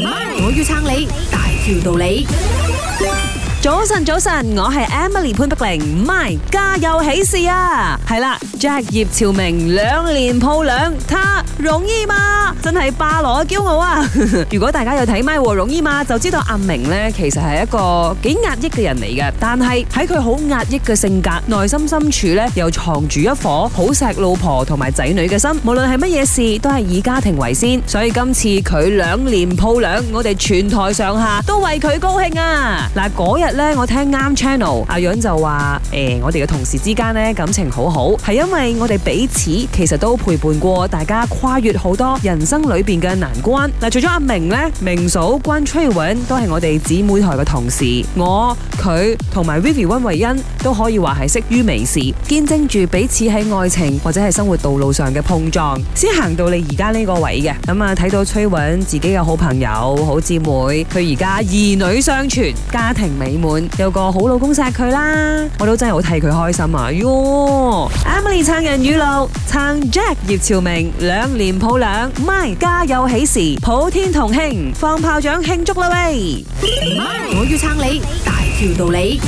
My, 我要撐你，大條道理。早晨，早晨，我係 Emily 潘碧玲，My 加油起事啊，係啦。Jack 葉朝明兩年抱兩，他容易媽真係巴羅嘅驕傲啊！ 如果大家有睇埋《容易媽》，就知道阿明呢其實係一個幾壓抑嘅人嚟嘅，但係喺佢好壓抑嘅性格，內心深處呢，又藏住一顆好錫老婆同埋仔女嘅心，無論係乜嘢事都係以家庭為先。所以今次佢兩年抱兩，我哋全台上下都為佢高興啊！嗱，嗰日呢，我聽啱 channel，阿楊就話：誒、呃，我哋嘅同事之間呢，感情好好，係因因為我哋彼此其實都陪伴過大家跨越好多人生裏邊嘅難關。嗱，除咗阿明呢，明嫂關崔允都係我哋姊妹台嘅同事，我佢同埋 Vivian 溫維恩都可以話係識於微時，見證住彼此喺愛情或者係生活道路上嘅碰撞，先行到你而家呢個位嘅咁啊。睇、嗯、到崔允自己嘅好朋友好姊妹，佢而家兒女雙全，家庭美滿，有個好老公錫佢啦，我都真係好替佢開心啊喲撐人雨露，撐 Jack 葉朝明，兩年抱兩 MY，家有喜事，普天同慶，放炮仗慶祝啦喂！MY，Mike, 我要撐你，你大條道理。